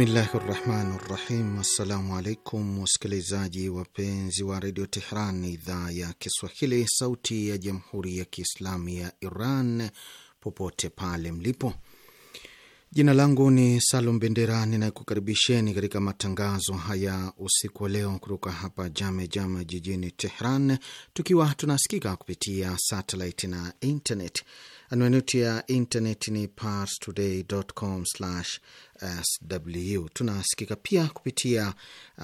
Bismillahi rahmani rahim. Assalamu alaikum wasikilizaji wapenzi wa redio Tehran, idhaa ya Kiswahili, sauti ya jamhuri ya kiislamu ya Iran, popote pale mlipo. Jina langu ni Salum Bendera, ninakukaribisheni katika matangazo haya usiku wa leo kutoka hapa Jame Jame jijini Tehran, tukiwa tunasikika kupitia satelit na internet. Anwani yetu ya intaneti ni parstoday.com/sw. Tunasikika pia kupitia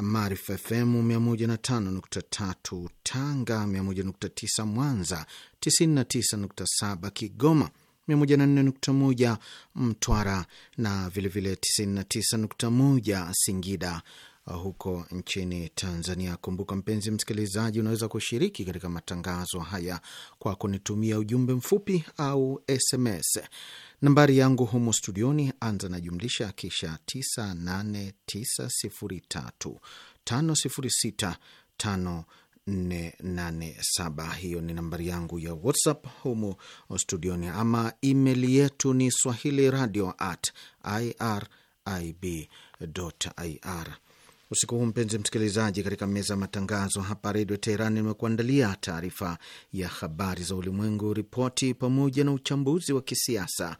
Maarifa FM 105.3 Tanga, 101.9 Mwanza, 99.7 Kigoma, 104.1 Mtwara na vilevile 99.1 Singida huko nchini Tanzania. Kumbuka mpenzi msikilizaji, unaweza kushiriki katika matangazo haya kwa kunitumia ujumbe mfupi au SMS. Nambari yangu humo studioni, anza na jumlisha kisha 989035065487. Hiyo ni nambari yangu ya WhatsApp humo studioni, ama email yetu ni swahili radio at irib ir usiku huu, mpenzi msikilizaji, katika meza ya matangazo hapa Redio Teheran imekuandalia taarifa ya habari za ulimwengu, ripoti pamoja na uchambuzi wa kisiasa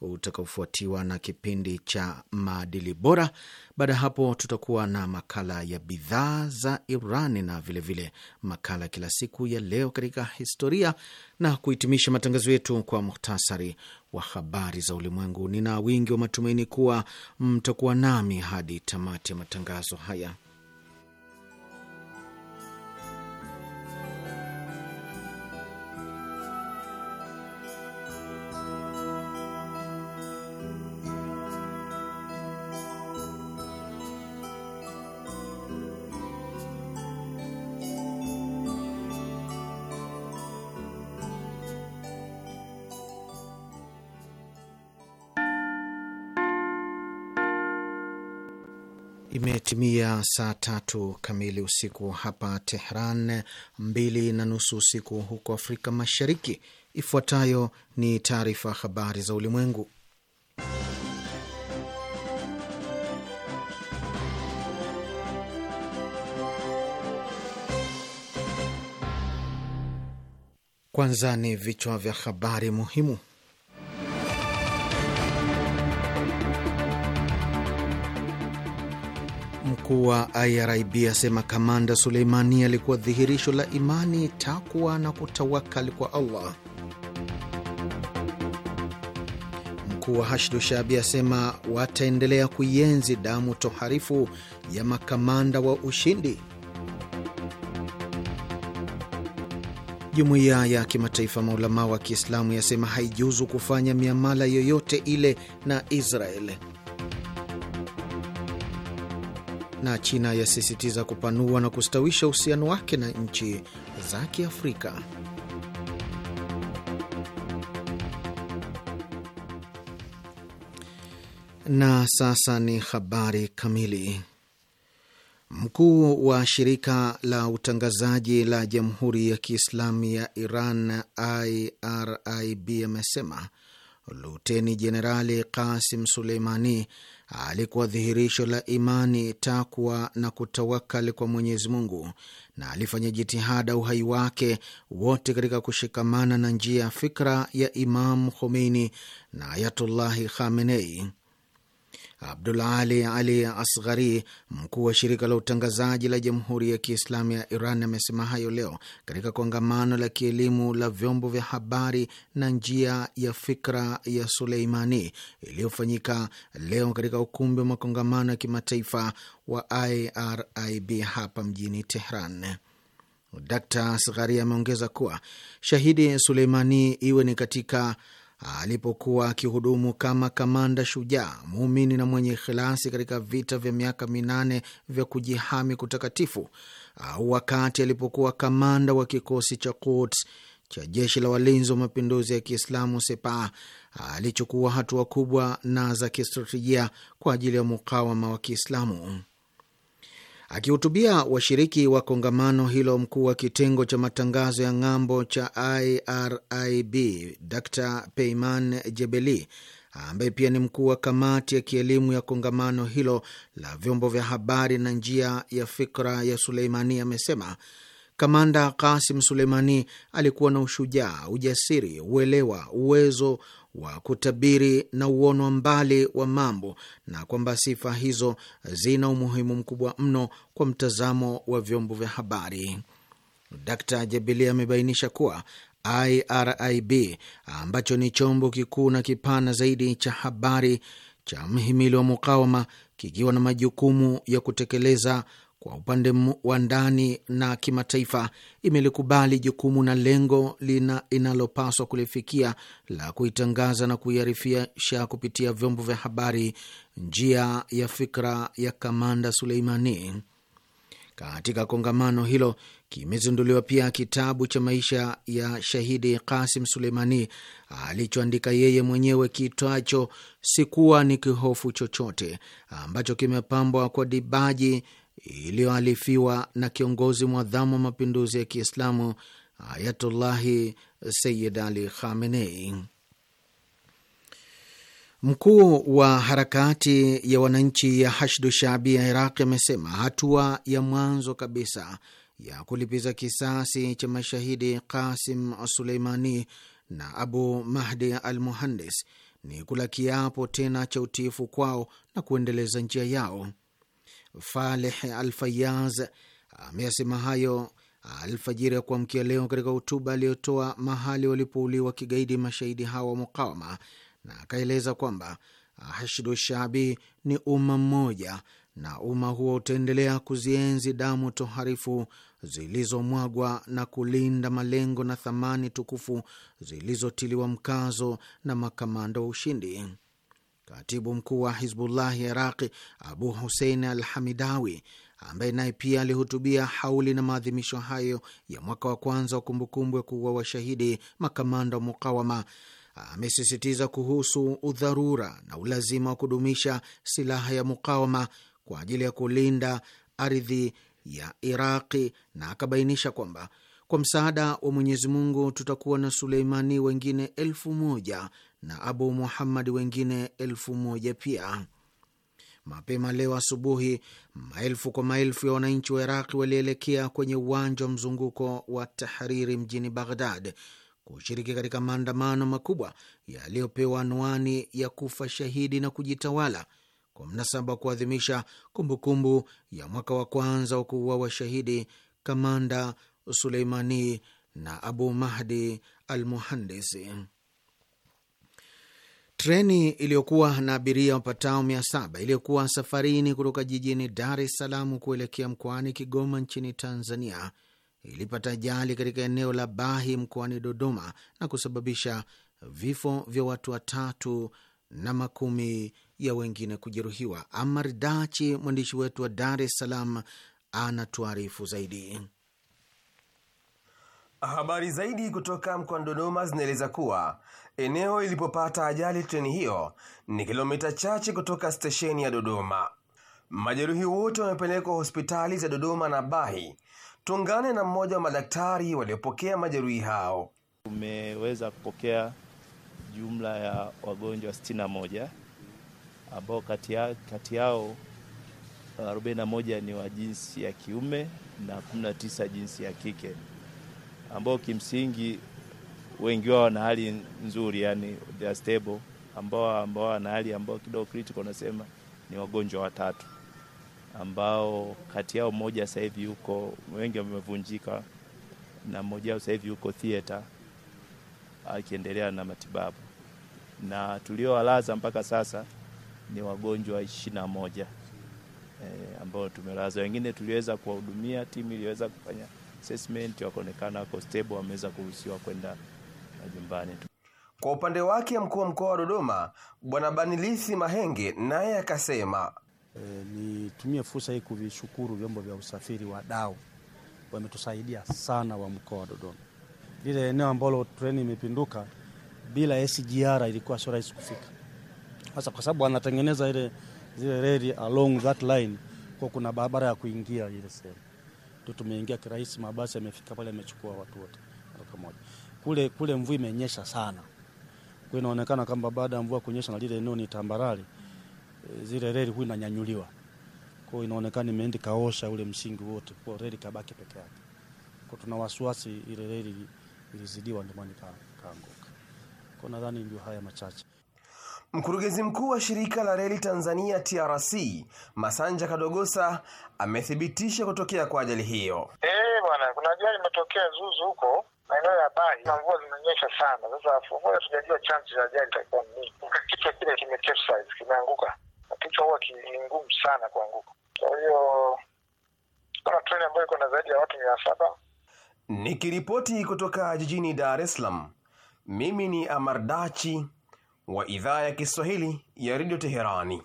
utakaofuatiwa na kipindi cha maadili bora. Baada ya hapo, tutakuwa na makala ya bidhaa za iran na vilevile vile makala kila siku ya leo katika historia, na kuhitimisha matangazo yetu kwa muhtasari wa habari za ulimwengu. Nina wingi wa matumaini kuwa mtakuwa nami hadi tamati ya matangazo haya. Imetimia saa tatu kamili usiku hapa Tehran, mbili na nusu usiku huko Afrika Mashariki. Ifuatayo ni taarifa habari za ulimwengu, kwanza ni vichwa vya habari muhimu. mkuu wa IRIB asema kamanda Suleimani alikuwa dhihirisho la imani, takwa na kutawakali kwa Allah. Mkuu wa Hashdu Shabi asema wataendelea kuienzi damu toharifu ya makamanda wa ushindi. Jumuiya ya kimataifa maulamaa wa Kiislamu yasema haijuzu kufanya miamala yoyote ile na Israeli. na China yasisitiza kupanua na kustawisha uhusiano wake na nchi za Kiafrika. Na sasa ni habari kamili. Mkuu wa shirika la utangazaji la Jamhuri ya Kiislamu ya Iran IRIB amesema Luteni Jenerali Kasim Suleimani alikuwa dhihirisho la imani, takwa na kutawakali kwa Mwenyezi Mungu, na alifanya jitihada uhai wake wote katika kushikamana na njia ya fikra ya imamu Khomeini na Ayatullahi Khamenei. Abdullah Ali Ali Asghari, mkuu wa shirika la utangazaji la Jamhuri ya Kiislamu ya Iran, amesema hayo leo katika kongamano la kielimu la vyombo vya habari na njia ya fikra ya Suleimani iliyofanyika leo katika ukumbi wa makongamano ya kimataifa wa IRIB hapa mjini Tehran. Dkt Asghari ameongeza kuwa shahidi Suleimani, iwe ni katika alipokuwa akihudumu kama kamanda shujaa muumini na mwenye ikhilasi katika vita vya miaka minane vya kujihami kutakatifu au wakati alipokuwa kamanda wa kikosi cha Quds cha jeshi la walinzi wa mapinduzi ya Kiislamu Sepah alichukua hatua kubwa na za kistratejia kwa ajili ya mukawama wa Kiislamu. Akihutubia washiriki wa kongamano hilo, mkuu wa kitengo cha matangazo ya ng'ambo cha IRIB Dr Peyman Jebeli, ambaye pia ni mkuu wa kamati ya kielimu ya kongamano hilo la vyombo vya habari na njia ya fikra ya Suleimani, amesema Kamanda Kasim Suleimani alikuwa na ushujaa, ujasiri, uelewa, uwezo wa kutabiri na uono mbali wa mambo na kwamba sifa hizo zina umuhimu mkubwa mno kwa mtazamo wa vyombo vya habari. Dkt Jabili amebainisha kuwa IRIB ambacho ni chombo kikuu na kipana zaidi cha habari cha mhimili wa mukawama kikiwa na majukumu ya kutekeleza kwa upande wa ndani na kimataifa imelikubali jukumu na lengo lina inalopaswa kulifikia la kuitangaza na kuiarifisha kupitia vyombo vya habari njia ya fikra ya kamanda Suleimani. Katika kongamano hilo kimezinduliwa pia kitabu cha maisha ya shahidi Kasim Suleimani alichoandika yeye mwenyewe kiitwacho Sikuwa ni kihofu chochote, ambacho kimepambwa kwa dibaji iliyoalifiwa na kiongozi mwadhamu wa mapinduzi ya Kiislamu Ayatullahi Sayyid Ali Khamenei. Mkuu wa harakati ya wananchi ya Hashdu Shaabi ya Iraq amesema hatua ya mwanzo kabisa ya kulipiza kisasi cha mashahidi Qasim Suleimani na Abu Mahdi al Muhandis ni kula kiapo tena cha utiifu kwao na kuendeleza njia yao. Faleh Alfayaz ameyasema hayo alfajiri ya kuamkia leo katika hotuba aliyotoa mahali walipouliwa kigaidi mashahidi hawa wa mukawama, na akaeleza kwamba Hashdu Shabi ni umma mmoja na umma huo utaendelea kuzienzi damu toharifu zilizomwagwa na kulinda malengo na thamani tukufu zilizotiliwa mkazo na makamanda wa ushindi katibu mkuu wa Hizbullah ya Iraqi Abu Husein al Hamidawi, ambaye naye pia alihutubia hauli na maadhimisho hayo ya mwaka wa kwanza wa kumbukumbu ya kuua washahidi makamanda wa mukawama, amesisitiza kuhusu udharura na ulazima wa kudumisha silaha ya mukawama kwa ajili ya kulinda ardhi ya Iraqi, na akabainisha kwamba kwa msaada wa Mwenyezi Mungu tutakuwa na Suleimani wengine elfu moja na Abu Muhammad wengine elfu moja pia. Mapema leo asubuhi, maelfu kwa maelfu ya wananchi wa Iraqi walielekea kwenye uwanja wa mzunguko wa Tahariri mjini Baghdad kushiriki katika maandamano makubwa yaliyopewa anwani ya kufa shahidi na kujitawala kwa mnasaba wa kuadhimisha kumbukumbu ya mwaka wa kwanza wa kuua washahidi kamanda Suleimani na Abu Mahdi al Muhandisi. Treni iliyokuwa na abiria wapatao mia saba iliyokuwa safarini kutoka jijini Dar es Salaam kuelekea mkoani Kigoma nchini Tanzania ilipata ajali katika eneo la Bahi mkoani Dodoma na kusababisha vifo vya watu watatu na makumi ya wengine kujeruhiwa. Amar Dachi, mwandishi wetu wa Dar es Salaam, anatuarifu zaidi. Habari zaidi kutoka mkoani Dodoma zinaeleza kuwa eneo ilipopata ajali treni hiyo ni kilomita chache kutoka stesheni ya Dodoma. Majeruhi wote wamepelekwa hospitali za Dodoma na Bahi. tungane na mmoja wa madaktari waliopokea majeruhi hao. Tumeweza kupokea jumla ya wagonjwa 61 ambao kati, ya, kati yao 41 ni wa jinsi ya kiume na 19 jinsi ya kike ambao kimsingi wengi wao wana hali nzuri, yani they are stable, ambao ambao wana hali ambao kidogo critical, nasema ni wagonjwa watatu ambao kati yao mmoja sasa hivi yuko, wengi wamevunjika, na mmoja sasa hivi yuko theater akiendelea na matibabu, na tuliowalaza mpaka sasa ni wagonjwa ishirini na moja e, ambao tumelaza. Wengine tuliweza kuwahudumia, timu iliweza kufanya assessment, wakaonekana wako stable, wameweza kuruhusiwa kwenda majumbani. Kwa upande wake mkuu wa mkoa wa Dodoma Bwana Banilisi Mahenge naye akasema e, nitumie fursa hii kuvishukuru vyombo vya usafiri dau wametusaidia sana wa mkoa wa Dodoma. Lile eneo ambalo treni imepinduka bila SGR ilikuwa sio rahisi kufika, hasa kwa sababu anatengeneza ile zile reli along that line, kwa kuna barabara ya kuingia ile sehemu tu tumeingia kirahisi, mabasi yamefika pale, yamechukua watu wote mara moja. Kule kule mvua imenyesha sana, kwa inaonekana kwamba baada ya mvua kunyesha na lile eneo ni tambarare, eh, zile reli huwa inanyanyuliwa, kwa inaonekana imeenda kaosha ule msingi wote, kwa reli kabaki peke yake. Kwa tuna wasiwasi ile reli ilizidiwa, ndio maana kaanguka. Kwa nadhani ndio haya machache. Mkurugenzi mkuu wa shirika la reli Tanzania TRC Masanja Kadogosa amethibitisha kutokea kwa ajali hiyo. Eh, bwana, kuna ajali imetokea Zuzu huko maeneo ya Bari na mvua zimenyesha sana. Sasa tujajua chanzo cha ajali itakuwa nini. Kichwa kile kimecapsize, kimeanguka. Kichwa huwa ni ngumu sana kuanguka, kwa hiyo kuna treni ambayo iko na zaidi ya watu mia saba. Nikiripoti kutoka jijini Dar es Salaam, mimi ni Amardachi wa idhaa ya Kiswahili ya redio Teherani.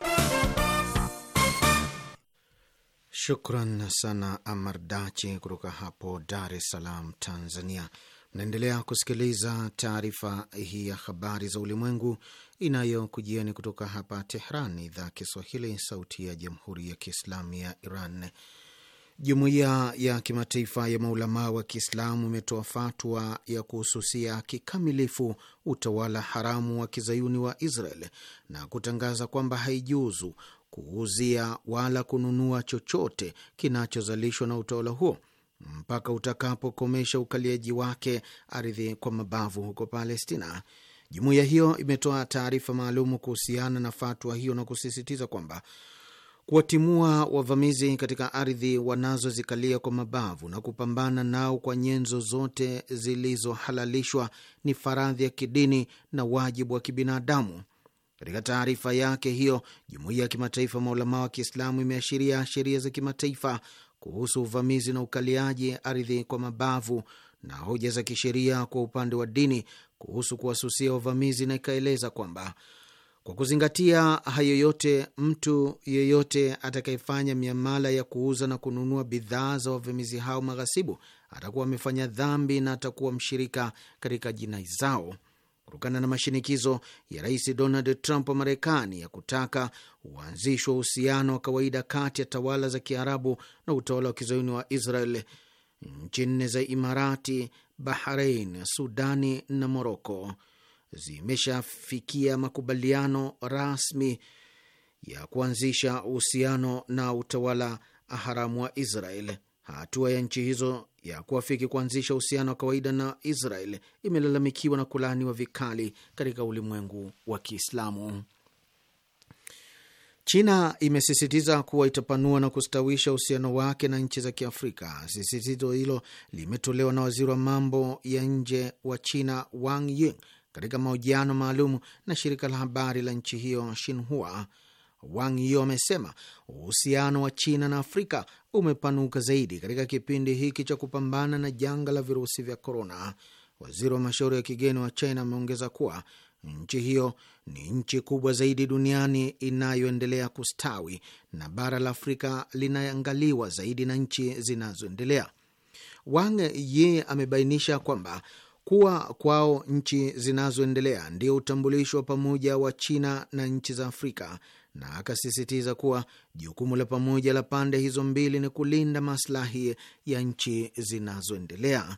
Shukran sana Amar Dachi kutoka hapo Dar es Salaam, Tanzania. Mnaendelea kusikiliza taarifa hii ya habari za ulimwengu inayokujieni kutoka hapa Tehran, idhaa Kiswahili, sauti ya jamhuri ya kiislamu ya Iran. Jumuiya ya kimataifa ya maulamaa wa Kiislamu imetoa fatwa ya kuhususia kikamilifu utawala haramu wa kizayuni wa Israel na kutangaza kwamba haijuzu kuuzia wala kununua chochote kinachozalishwa na utawala huo mpaka utakapokomesha ukaliaji wake ardhi kwa mabavu huko Palestina. Jumuiya hiyo imetoa taarifa maalum kuhusiana na fatwa hiyo na kusisitiza kwamba kuwatimua wavamizi katika ardhi wanazozikalia kwa mabavu na kupambana nao kwa nyenzo zote zilizohalalishwa ni faradhi ya kidini na wajibu wa kibinadamu. Katika taarifa yake hiyo, jumuiya ya kimataifa maulamaa wa Kiislamu imeashiria sheria za kimataifa kuhusu uvamizi na ukaliaji ardhi kwa mabavu na hoja za kisheria kwa upande wa dini kuhusu kuwasusia wavamizi, na ikaeleza kwamba kwa kuzingatia hayo yote, mtu yeyote atakayefanya miamala ya kuuza na kununua bidhaa za wavamizi hao maghasibu atakuwa amefanya dhambi na atakuwa mshirika katika jinai zao. Kutokana na mashinikizo ya Rais Donald Trump wa Marekani ya kutaka uanzishwa uhusiano wa kawaida kati ya tawala za Kiarabu na utawala wa kizayuni wa Israel, nchi nne za Imarati, Bahrain, Sudani na Moroko zimeshafikia makubaliano rasmi ya kuanzisha uhusiano na utawala haramu wa Israel. Hatua ya nchi hizo ya kuafiki kuanzisha uhusiano wa kawaida na Israel imelalamikiwa na kulaaniwa vikali katika ulimwengu wa Kiislamu. China imesisitiza kuwa itapanua na kustawisha uhusiano wake na nchi za Kiafrika. Sisitizo hilo limetolewa na waziri wa mambo ya nje wa China Wang Yi katika mahojiano maalum na shirika la habari la nchi hiyo Shinhua, Wang Yi amesema uhusiano wa China na Afrika umepanuka zaidi katika kipindi hiki cha kupambana na janga la virusi vya korona. Waziri wa mashauri ya kigeni wa China ameongeza kuwa nchi hiyo ni nchi kubwa zaidi duniani inayoendelea kustawi na bara la Afrika linaangaliwa zaidi na nchi zinazoendelea. Wang Yi amebainisha kwamba kuwa kwao nchi zinazoendelea ndio utambulisho wa pamoja wa China na nchi za Afrika, na akasisitiza kuwa jukumu la pamoja la pande hizo mbili ni kulinda maslahi ya nchi zinazoendelea.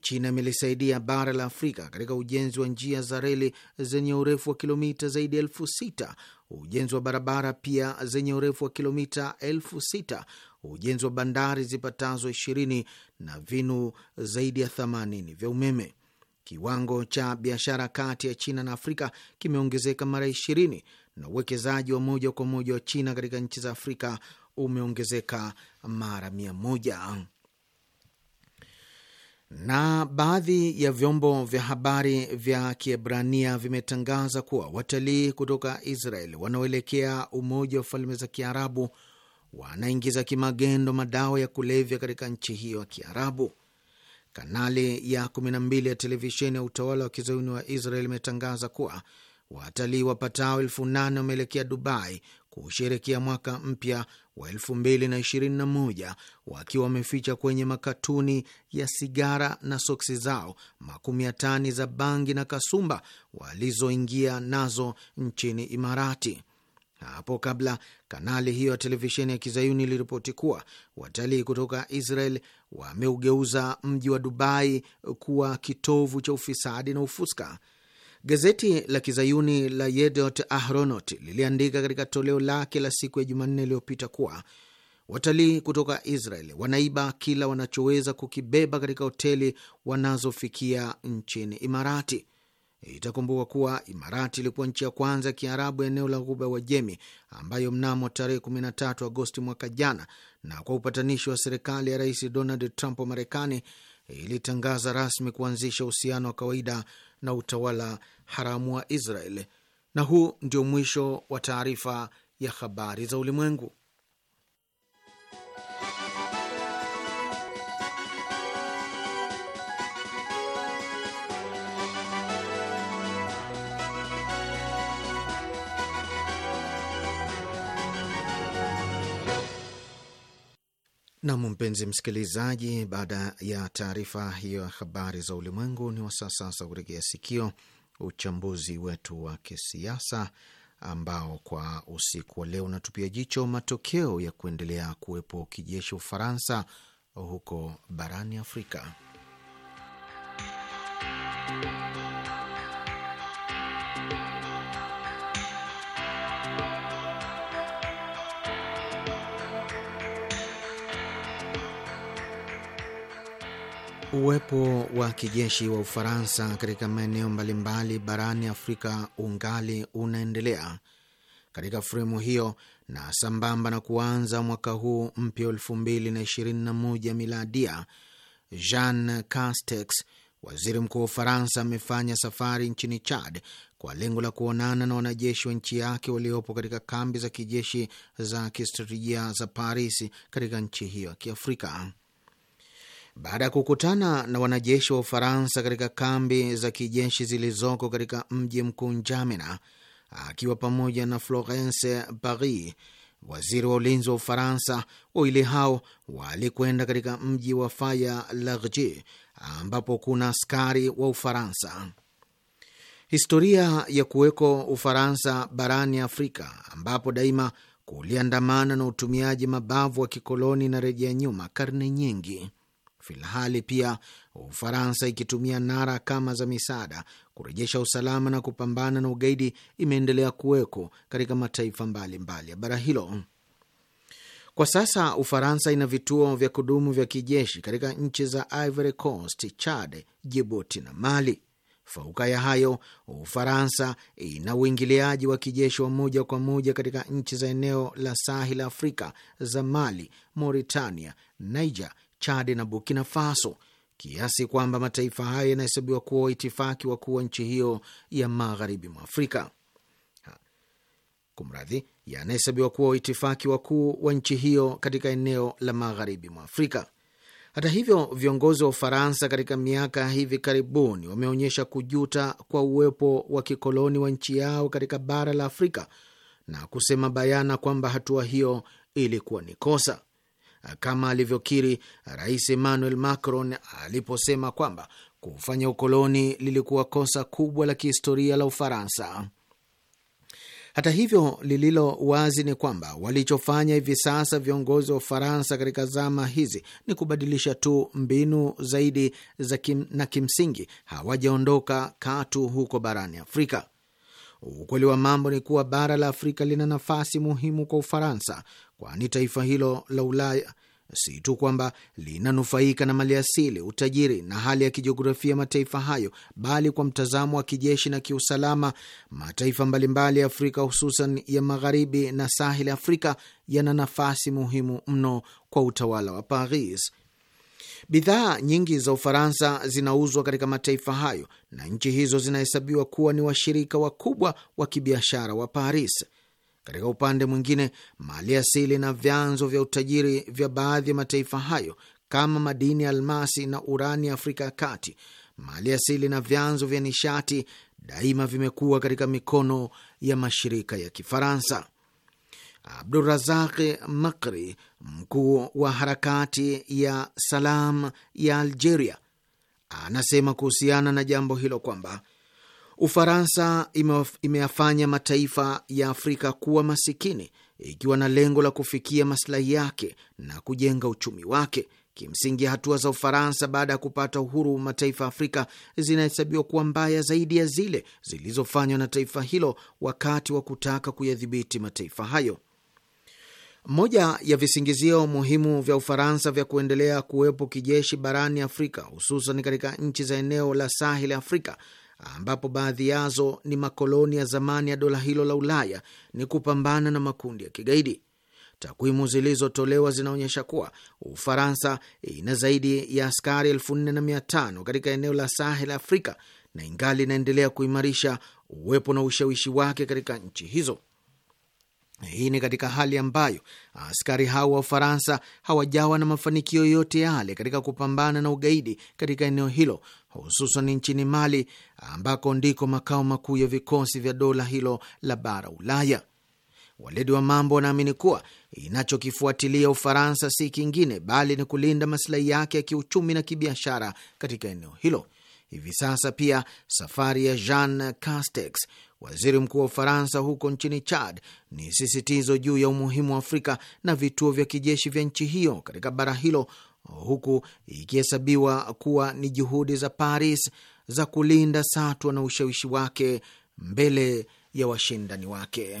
China imelisaidia bara la Afrika katika ujenzi wa njia za reli zenye urefu wa kilomita zaidi ya elfu sita ujenzi wa barabara pia zenye urefu wa kilomita elfu sita ujenzi wa bandari zipatazo ishirini na vinu zaidi ya themanini vya umeme. Kiwango cha biashara kati ya China na Afrika kimeongezeka mara ishirini na uwekezaji wa moja kwa moja wa China katika nchi za Afrika umeongezeka mara mia moja. Na baadhi ya vyombo vya habari vya Kiebrania vimetangaza kuwa watalii kutoka Israel wanaoelekea Umoja wa Falme za Kiarabu wanaingiza kimagendo madawa ya kulevya katika nchi hiyo ya Kiarabu. Kanali ya 12 ya televisheni ya utawala wa kizayuni wa Israel imetangaza kuwa watalii wapatao elfu nane wameelekea Dubai kusherekea mwaka mpya wa 2021 wakiwa wameficha kwenye makatuni ya sigara na soksi zao makumi ya tani za bangi na kasumba walizoingia nazo nchini Imarati. Na hapo kabla kanali hiyo ya televisheni ya kizayuni iliripoti kuwa watalii kutoka Israel wameugeuza mji wa Dubai kuwa kitovu cha ufisadi na ufuska. Gazeti la kizayuni la Yedot Ahronot liliandika katika toleo lake la siku ya Jumanne iliyopita kuwa watalii kutoka Israel wanaiba kila wanachoweza kukibeba katika hoteli wanazofikia nchini Imarati. Itakumbuka kuwa Imarati ilikuwa nchi ya kwanza ya Kiarabu eneo la Ghuba wa Jemi, ambayo mnamo tarehe 13 Agosti mwaka jana na kwa upatanishi wa serikali ya Rais Donald Trump wa Marekani ilitangaza rasmi kuanzisha uhusiano wa kawaida na utawala haramu wa Israel. Na huu ndio mwisho wa taarifa ya habari za ulimwengu. Nam, mpenzi msikilizaji, baada ya taarifa hiyo ya habari za ulimwengu, ni wa sasa kuregea sikio uchambuzi wetu wa kisiasa ambao kwa usiku wa leo unatupia jicho matokeo ya kuendelea kuwepo kijeshi Ufaransa huko barani Afrika. Uwepo wa kijeshi wa Ufaransa katika maeneo mbalimbali barani Afrika ungali unaendelea. Katika fremu hiyo na sambamba na kuanza mwaka huu mpya elfu mbili na ishirini na moja miladia, Jean Castex, waziri mkuu wa Ufaransa, amefanya safari nchini Chad kwa lengo la kuonana na wanajeshi wa nchi yake waliopo katika kambi za kijeshi za kistratejia za Paris katika nchi hiyo ya Kiafrika baada ya kukutana na wanajeshi wa Ufaransa katika kambi za kijeshi zilizoko katika mji mkuu Njamena, akiwa pamoja na Florence Paris, waziri wa ulinzi wa Ufaransa. Wawili hao walikwenda katika mji wa Faya Largi ambapo kuna askari wa Ufaransa. Historia ya kuweko Ufaransa barani Afrika, ambapo daima kuliandamana na utumiaji mabavu wa kikoloni na rejea nyuma karne nyingi. Filhali pia Ufaransa ikitumia nara kama za misaada kurejesha usalama na kupambana na ugaidi imeendelea kuweko katika mataifa mbalimbali ya bara hilo. Kwa sasa Ufaransa ina vituo vya kudumu vya kijeshi katika nchi za Ivory Coast, Chad, Jibuti na Mali. Fauka ya hayo, Ufaransa ina uingiliaji wa kijeshi wa moja kwa moja katika nchi za eneo la sahil Afrika za Mali, Mauritania, Niger, Chad na Burkina Faso, kiasi kwamba mataifa hayo yanahesabiwa kuwa waitifaki wakuu wa nchi hiyo ya magharibi mwa Afrika. Kumradhi, yanahesabiwa kuwa waitifaki wakuu wa nchi hiyo katika eneo la magharibi mwa Afrika. Hata hivyo, viongozi wa Ufaransa katika miaka hivi karibuni wameonyesha kujuta kwa uwepo wa kikoloni wa nchi yao katika bara la Afrika na kusema bayana kwamba hatua hiyo ilikuwa ni kosa kama alivyokiri Rais Emmanuel Macron aliposema kwamba kufanya ukoloni lilikuwa kosa kubwa la kihistoria la Ufaransa. Hata hivyo, lililo wazi ni kwamba walichofanya hivi sasa viongozi wa Ufaransa katika zama hizi ni kubadilisha tu mbinu zaidi za kim, na kimsingi hawajaondoka katu huko barani Afrika. Ukweli wa mambo ni kuwa bara la Afrika lina nafasi muhimu kwa Ufaransa, kwani taifa hilo la Ulaya si tu kwamba linanufaika na maliasili, utajiri na hali ya kijiografia mataifa hayo, bali kwa mtazamo wa kijeshi na kiusalama, mataifa mbalimbali ya Afrika hususan ya magharibi na sahili Afrika yana nafasi muhimu mno kwa utawala wa Paris. Bidhaa nyingi za Ufaransa zinauzwa katika mataifa hayo na nchi hizo zinahesabiwa kuwa ni washirika wakubwa wa kibiashara wa Paris. Katika upande mwingine, mali asili na vyanzo vya utajiri vya baadhi ya mataifa hayo kama madini ya almasi na urani ya Afrika ya Kati, mali asili na vyanzo vya nishati daima vimekuwa katika mikono ya mashirika ya Kifaransa. Abdurazaq Makri, mkuu wa harakati ya Salam ya Algeria, anasema kuhusiana na jambo hilo kwamba Ufaransa imeyafanya mataifa ya Afrika kuwa masikini ikiwa na lengo la kufikia maslahi yake na kujenga uchumi wake. Kimsingi, hatua za Ufaransa baada ya kupata uhuru mataifa ya Afrika zinahesabiwa kuwa mbaya zaidi ya zile zilizofanywa na taifa hilo wakati wa kutaka kuyadhibiti mataifa hayo. Moja ya visingizio muhimu vya Ufaransa vya kuendelea kuwepo kijeshi barani Afrika, hususan katika nchi za eneo la Sahel Afrika ambapo baadhi yazo ni makoloni ya zamani ya dola hilo la Ulaya ni kupambana na makundi ya kigaidi. Takwimu zilizotolewa zinaonyesha kuwa Ufaransa ina zaidi ya askari elfu nne na mia tano katika eneo la Sahel Afrika na ingali inaendelea kuimarisha uwepo na ushawishi wake katika nchi hizo. Hii ni katika hali ambayo askari hao wa Ufaransa hawajawa na mafanikio yoyote yale katika kupambana na ugaidi katika eneo hilo, hususan nchini Mali ambako ndiko makao makuu ya vikosi vya dola hilo la bara Ulaya. Waledi wa mambo wanaamini kuwa inachokifuatilia Ufaransa si kingine bali ni kulinda masilahi yake ya kiuchumi na kibiashara katika eneo hilo. Hivi sasa pia safari ya Jean Castex, waziri mkuu wa Ufaransa, huko nchini Chad ni sisitizo juu ya umuhimu wa Afrika na vituo vya kijeshi vya nchi hiyo katika bara hilo, huku ikihesabiwa kuwa ni juhudi za Paris za kulinda satwa na ushawishi wake mbele ya washindani wake.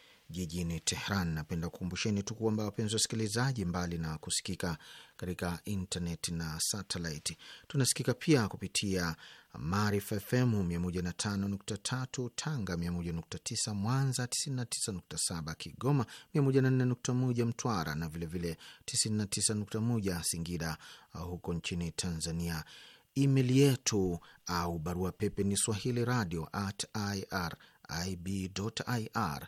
jijini Tehran. Napenda kukumbusheni tu kwamba wapenzi wasikilizaji, mbali na kusikika katika internet na satellite, tunasikika pia kupitia Maarifa FM 105.3 Tanga, 101.9 Mwanza, 99.7 Kigoma, 104.1 Mtwara na vilevile 99.1 Singida uh, huko nchini Tanzania. Email yetu au barua pepe ni swahili radio at irib.ir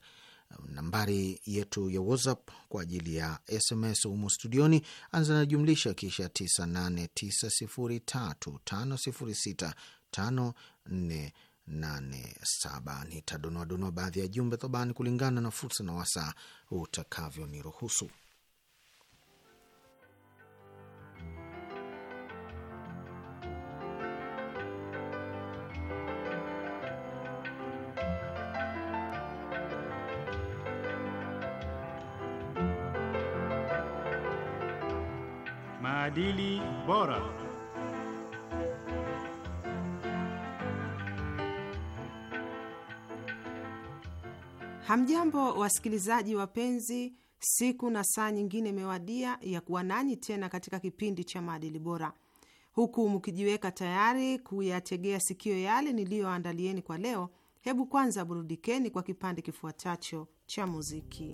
nambari yetu ya WhatsApp kwa ajili ya SMS humo studioni, anza na jumlisha kisha 989035065487. donoa baadhi ya jumbe thobani kulingana na fursa na wasaa utakavyoniruhusu. Maadili Bora. Hamjambo wasikilizaji wapenzi, siku na saa nyingine imewadia ya kuwa nanyi tena katika kipindi cha maadili bora, huku mkijiweka tayari kuyategea sikio yale niliyoandalieni kwa leo. Hebu kwanza burudikeni kwa kipande kifuatacho cha muziki.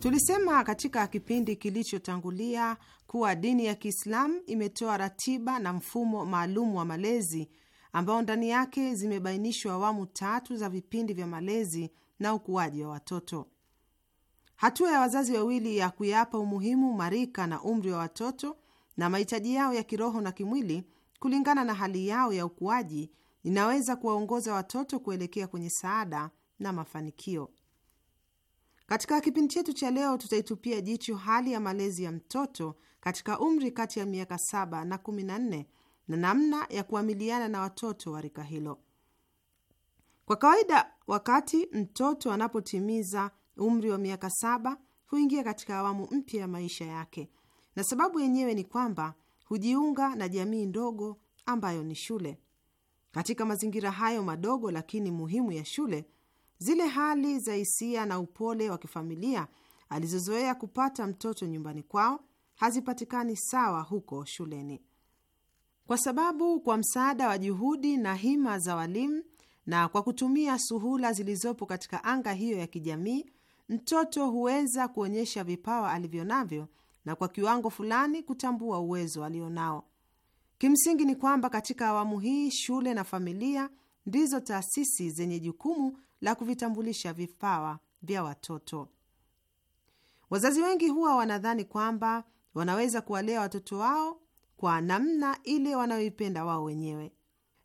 Tulisema katika kipindi kilichotangulia kuwa dini ya Kiislamu imetoa ratiba na mfumo maalum wa malezi ambao ndani yake zimebainishwa awamu tatu za vipindi vya malezi na ukuaji wa watoto. Hatua ya wazazi wawili ya kuyapa umuhimu marika na umri wa watoto na mahitaji yao ya kiroho na kimwili kulingana na hali yao ya ukuaji inaweza kuwaongoza watoto kuelekea kwenye saada na mafanikio. Katika kipindi chetu cha leo tutaitupia jicho hali ya malezi ya mtoto katika umri kati ya miaka saba na kumi na nne na namna ya kuamiliana na watoto wa rika hilo. Kwa kawaida, wakati mtoto anapotimiza umri wa miaka saba huingia katika awamu mpya ya maisha yake, na sababu yenyewe ni kwamba hujiunga na jamii ndogo ambayo ni shule. Katika mazingira hayo madogo lakini muhimu ya shule Zile hali za hisia na upole wa kifamilia alizozoea kupata mtoto nyumbani kwao hazipatikani sawa huko shuleni, kwa sababu kwa msaada wa juhudi na hima za walimu na kwa kutumia suhula zilizopo katika anga hiyo ya kijamii, mtoto huweza kuonyesha vipawa alivyo navyo na kwa kiwango fulani kutambua uwezo alionao. Kimsingi ni kwamba katika awamu hii shule na familia ndizo taasisi zenye jukumu la kuvitambulisha vipawa vya watoto. Wazazi wengi huwa wanadhani kwamba wanaweza kuwalea watoto wao kwa namna ile wanayoipenda wao wenyewe,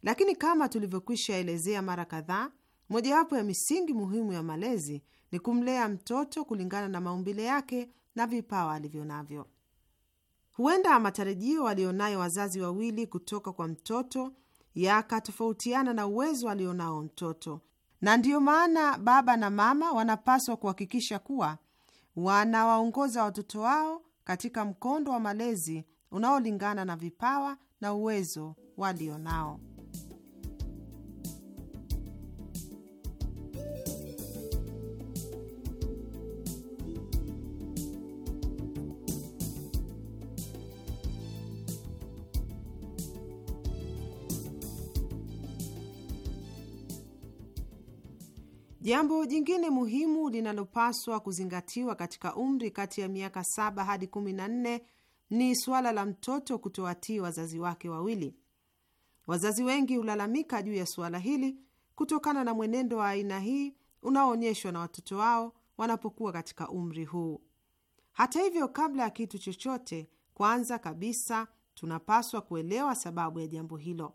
lakini kama tulivyokwisha elezea mara kadhaa, mojawapo ya misingi muhimu ya malezi ni kumlea mtoto kulingana na maumbile yake na vipawa alivyo navyo. Huenda matarajio aliyonayo wazazi wawili kutoka kwa mtoto yakatofautiana na uwezo alionao mtoto, na ndiyo maana baba na mama wanapaswa kuhakikisha kuwa wanawaongoza watoto wao katika mkondo wa malezi unaolingana na vipawa na uwezo walio nao. Jambo jingine muhimu linalopaswa kuzingatiwa katika umri kati ya miaka saba hadi kumi na nne ni suala la mtoto kutoatii wazazi wake wawili. Wazazi wengi hulalamika juu ya suala hili kutokana na mwenendo wa aina hii unaoonyeshwa na watoto wao wanapokuwa katika umri huu. Hata hivyo, kabla ya kitu chochote, kwanza kabisa tunapaswa kuelewa sababu ya jambo hilo.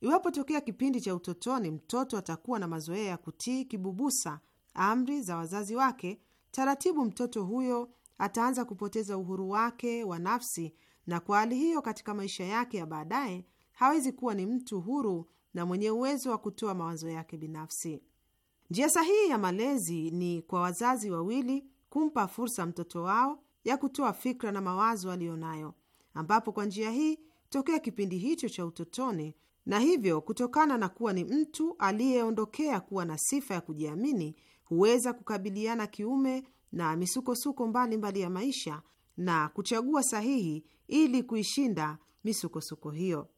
Iwapo tokea kipindi cha utotoni mtoto atakuwa na mazoea ya kutii kibubusa amri za wazazi wake, taratibu mtoto huyo ataanza kupoteza uhuru wake wa nafsi, na kwa hali hiyo, katika maisha yake ya baadaye hawezi kuwa ni mtu huru na mwenye uwezo wa kutoa mawazo yake binafsi. Njia sahihi ya malezi ni kwa wazazi wawili kumpa fursa mtoto wao ya kutoa fikra na mawazo aliyo nayo ambapo kwa njia hii tokea kipindi hicho cha utotoni na hivyo kutokana na kuwa ni mtu aliyeondokea kuwa na sifa ya kujiamini, huweza kukabiliana kiume na misukosuko mbalimbali ya maisha na kuchagua sahihi ili kuishinda misukosuko hiyo.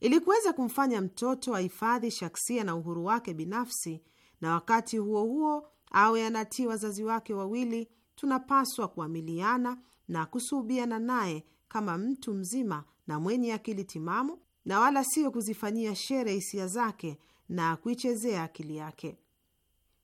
Ili kuweza kumfanya mtoto ahifadhi shaksia na uhuru wake binafsi, na wakati huo huo awe anatii wazazi wake wawili, tunapaswa kuamiliana na kusuhubiana naye kama mtu mzima na mwenye akili timamu na wala sio kuzifanyia shere hisia zake na kuichezea akili yake.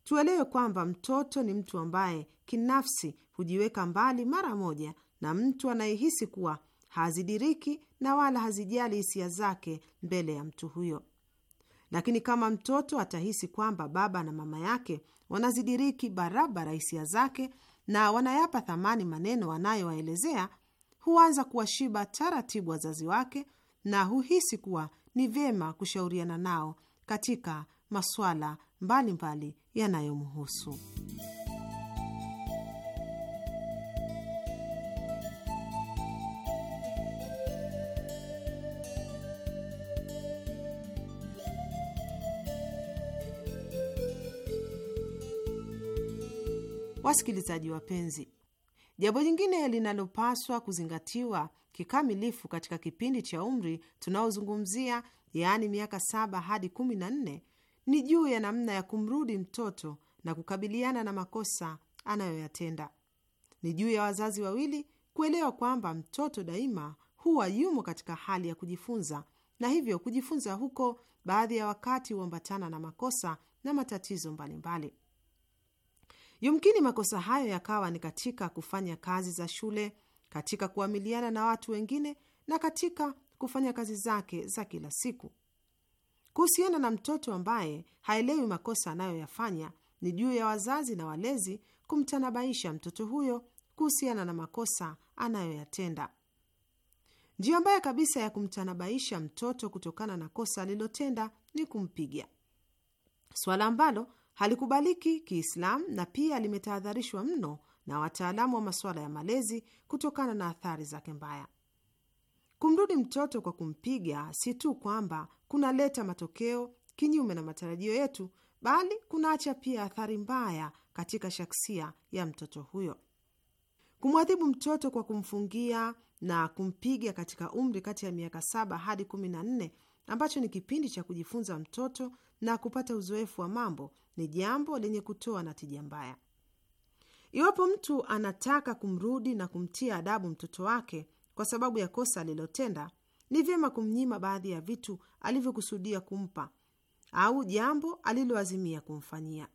Tuelewe kwamba mtoto ni mtu ambaye kinafsi hujiweka mbali mara moja na mtu anayehisi kuwa hazidiriki na wala hazijali hisia zake mbele ya mtu huyo. Lakini kama mtoto atahisi kwamba baba na mama yake wanazidiriki barabara hisia zake na wanayapa thamani maneno anayowaelezea, huanza kuwashiba taratibu wazazi wake na huhisi kuwa ni vyema kushauriana nao katika masuala mbalimbali yanayomhusu. Wasikilizaji wapenzi, jambo lingine linalopaswa kuzingatiwa kikamilifu katika kipindi cha umri tunaozungumzia, yaani miaka saba hadi kumi na nne, ni juu ya namna ya kumrudi mtoto na kukabiliana na makosa anayoyatenda. Ni juu ya wazazi wawili kuelewa kwamba mtoto daima huwa yumo katika hali ya kujifunza, na hivyo kujifunza huko baadhi ya wakati huambatana na makosa na matatizo mbalimbali. Yumkini makosa hayo yakawa ni katika kufanya kazi za shule, katika kuamiliana na watu wengine na katika kufanya kazi zake za kila siku. Kuhusiana na mtoto ambaye haelewi makosa anayoyafanya, ni juu ya wazazi na walezi kumtanabaisha mtoto huyo kuhusiana na makosa anayoyatenda. Njia mbaya kabisa ya kumtanabaisha mtoto kutokana na kosa alilotenda ni kumpiga, swala ambalo halikubaliki Kiislamu na pia limetahadharishwa mno na wataalamu wa masuala ya malezi kutokana na athari zake mbaya. Kumrudi mtoto kwa kumpiga si tu kwamba kunaleta matokeo kinyume na matarajio yetu, bali kunaacha pia athari mbaya katika shaksia ya mtoto huyo. Kumwadhibu mtoto kwa kumfungia na kumpiga katika umri kati ya miaka saba hadi kumi na nne ambacho ni kipindi cha kujifunza mtoto na kupata uzoefu wa mambo ni jambo lenye kutoa na tija mbaya. Iwapo mtu anataka kumrudi na kumtia adabu mtoto wake kwa sababu ya kosa alilotenda, ni vyema kumnyima baadhi ya vitu alivyokusudia kumpa au jambo aliloazimia kumfanyia.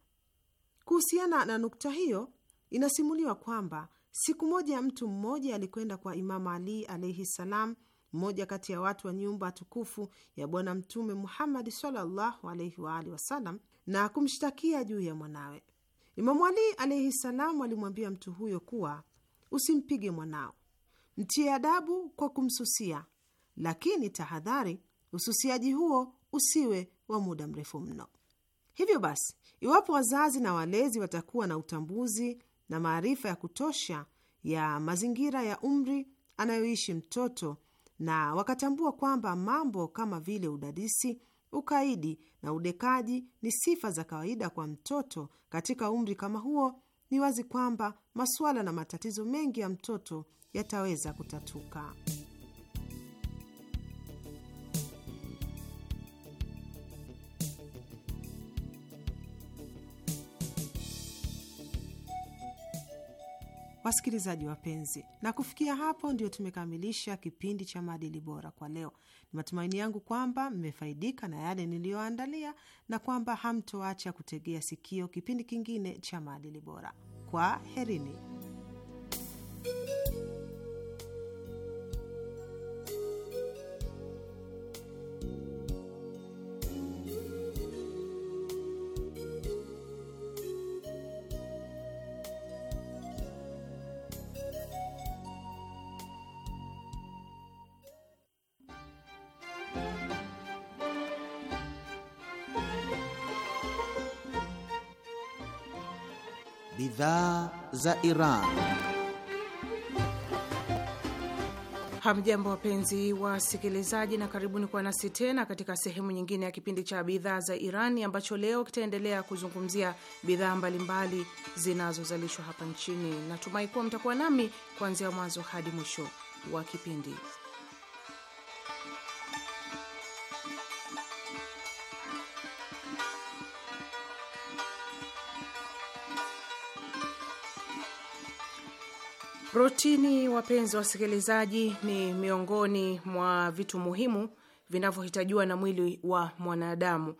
Kuhusiana na nukta hiyo, inasimuliwa kwamba siku moja mtu mmoja alikwenda kwa Imamu Ali alaihi salam, mmoja kati ya watu wa nyumba tukufu ya Bwana Mtume Muhammadi sallallahu alaihi waalihi wasalam, na kumshtakia juu ya mwanawe. Imamu Ali alaihi salam alimwambia mtu huyo kuwa usimpige mwanao, mtie adabu kwa kumsusia, lakini tahadhari, ususiaji huo usiwe wa muda mrefu mno. Hivyo basi, iwapo wazazi na walezi watakuwa na utambuzi na maarifa ya kutosha ya mazingira ya umri anayoishi mtoto na wakatambua kwamba mambo kama vile udadisi, ukaidi na udekaji ni sifa za kawaida kwa mtoto katika umri kama huo, ni wazi kwamba masuala na matatizo mengi ya mtoto yataweza kutatuka. Wasikilizaji wapenzi, na kufikia hapo ndio tumekamilisha kipindi cha maadili bora kwa leo. Ni matumaini yangu kwamba mmefaidika na yale niliyoandalia na kwamba hamtoacha kutegea sikio kipindi kingine cha maadili bora. Kwa herini. za Iran. Hamjambo, wapenzi wasikilizaji, na karibuni kwa nasi tena katika sehemu nyingine ya kipindi cha bidhaa za Irani ambacho leo kitaendelea kuzungumzia bidhaa mbalimbali zinazozalishwa hapa nchini. Natumai kuwa mtakuwa nami kuanzia mwanzo hadi mwisho wa kipindi. Protini, wapenzi wasikilizaji, ni miongoni mwa vitu muhimu vinavyohitajiwa na mwili wa mwanadamu.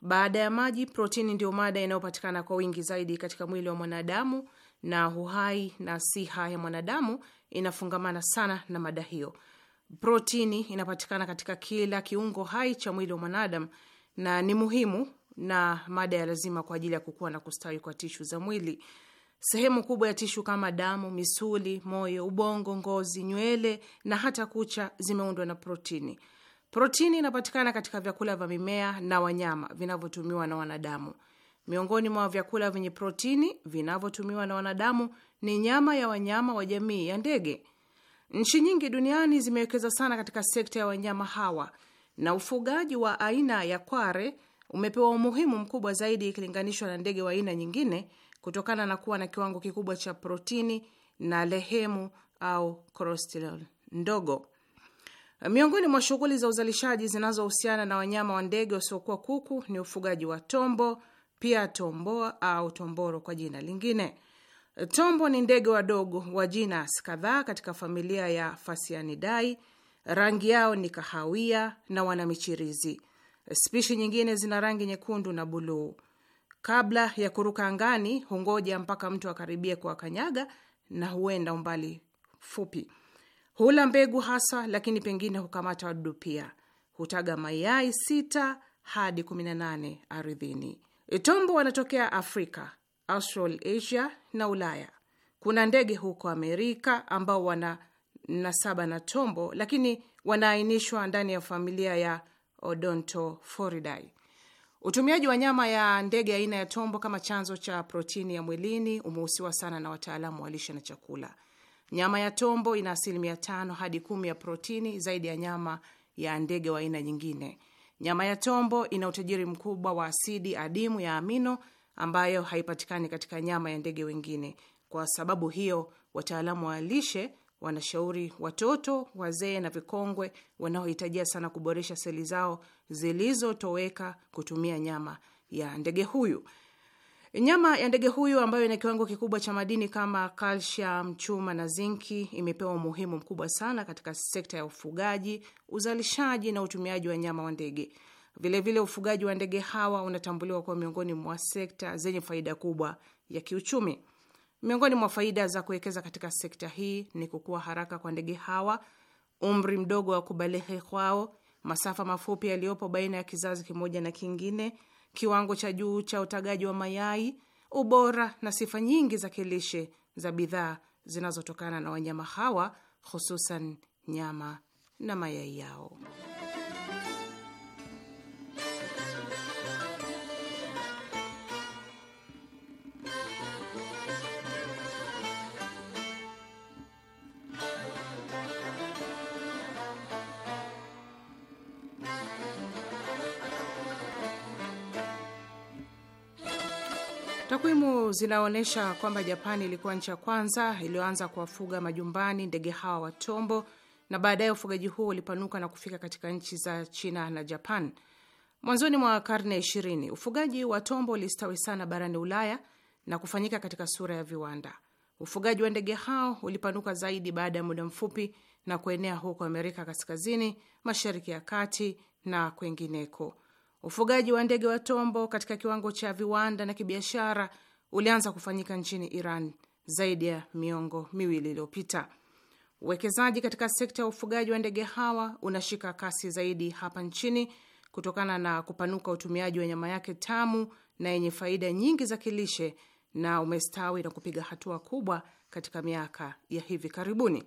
Baada ya maji, protini ndio mada inayopatikana kwa wingi zaidi katika mwili wa mwanadamu, na uhai na siha ya mwanadamu inafungamana sana na mada hiyo. Protini inapatikana katika kila kiungo hai cha mwili wa mwanadamu na ni muhimu na mada ya lazima kwa ajili ya kukua na kustawi kwa tishu za mwili. Sehemu kubwa ya tishu kama damu, misuli, moyo, ubongo, ngozi, nywele na hata kucha zimeundwa na protini. Protini inapatikana katika vyakula vya mimea na wanyama vinavyotumiwa na wanadamu. Miongoni mwa vyakula vyenye protini vinavyotumiwa na wanadamu ni nyama ya wanyama wa jamii ya ndege. Nchi nyingi duniani zimewekeza sana katika sekta ya wanyama hawa na ufugaji wa aina ya kware umepewa umuhimu mkubwa zaidi ikilinganishwa na ndege wa aina nyingine kutokana na kuwa na kiwango kikubwa cha protini na lehemu au cholesterol ndogo. Miongoni mwa shughuli za uzalishaji zinazohusiana na wanyama wa ndege wasiokuwa kuku ni ufugaji wa tombo, pia tomboa au tomboro kwa jina lingine. Tombo ni ndege wadogo wa jinas kadhaa katika familia ya fasianidai Rangi yao ni kahawia na wana michirizi. Spishi nyingine zina rangi nyekundu na buluu. Kabla ya kuruka angani, hungoja mpaka mtu akaribie kuwakanyaga, na huenda umbali fupi. Hula mbegu hasa, lakini pengine hukamata wadudu pia. Hutaga mayai sita hadi kumi nane ardhini. Tombo wanatokea Afrika, Austral Asia na Ulaya. Kuna ndege huko Amerika ambao wana nasaba na tombo, lakini wanaainishwa ndani ya familia ya Odontoforidai. Utumiaji wa nyama ya ndege aina ya tombo kama chanzo cha protini ya mwilini umehusiwa sana na wataalamu wa lishe na chakula. Nyama ya tombo ina asilimia tano hadi kumi ya protini zaidi ya nyama ya ndege wa aina nyingine. Nyama ya tombo ina utajiri mkubwa wa asidi adimu ya amino ambayo haipatikani katika nyama ya ndege wengine. Kwa sababu hiyo, wataalamu wa lishe wanashauri watoto, wazee na vikongwe wanaohitajia sana kuboresha seli zao zilizotoweka kutumia nyama ya ndege huyu. Nyama ya ndege huyu ambayo ina kiwango kikubwa cha madini kama calcium, chuma na zinki imepewa umuhimu mkubwa sana katika sekta ya ufugaji, uzalishaji na utumiaji wa nyama wa ndege. Vilevile, ufugaji wa ndege hawa unatambuliwa kuwa miongoni mwa sekta zenye faida kubwa ya kiuchumi. Miongoni mwa faida za kuwekeza katika sekta hii ni kukua haraka kwa ndege hawa, umri mdogo wa kubalehe kwao, masafa mafupi yaliyopo baina ya kizazi kimoja na kingine, kiwango cha juu cha utagaji wa mayai, ubora na sifa nyingi za kilishe za bidhaa zinazotokana na wanyama hawa, hususan nyama na mayai yao. zinaonyesha kwamba Japani ilikuwa nchi ya kwanza iliyoanza kuwafuga majumbani ndege hawa wa tombo, na baadaye ufugaji huo ulipanuka na kufika katika nchi za China na Japan. Mwanzoni mwa karne ya ishirini ufugaji wa tombo ulistawi sana barani Ulaya na kufanyika katika sura ya viwanda. Ufugaji wa ndege hao ulipanuka zaidi baada ya muda mfupi na kuenea huko Amerika Kaskazini, Mashariki ya Kati na kwengineko. Ufugaji wa ndege wa tombo katika kiwango cha viwanda na kibiashara ulianza kufanyika nchini Iran zaidi ya miongo miwili iliyopita. Uwekezaji katika sekta ya ufugaji wa ndege hawa unashika kasi zaidi hapa nchini kutokana na kupanuka utumiaji wa nyama yake tamu na yenye faida nyingi za kilishe na umestawi na kupiga hatua kubwa katika miaka ya hivi karibuni.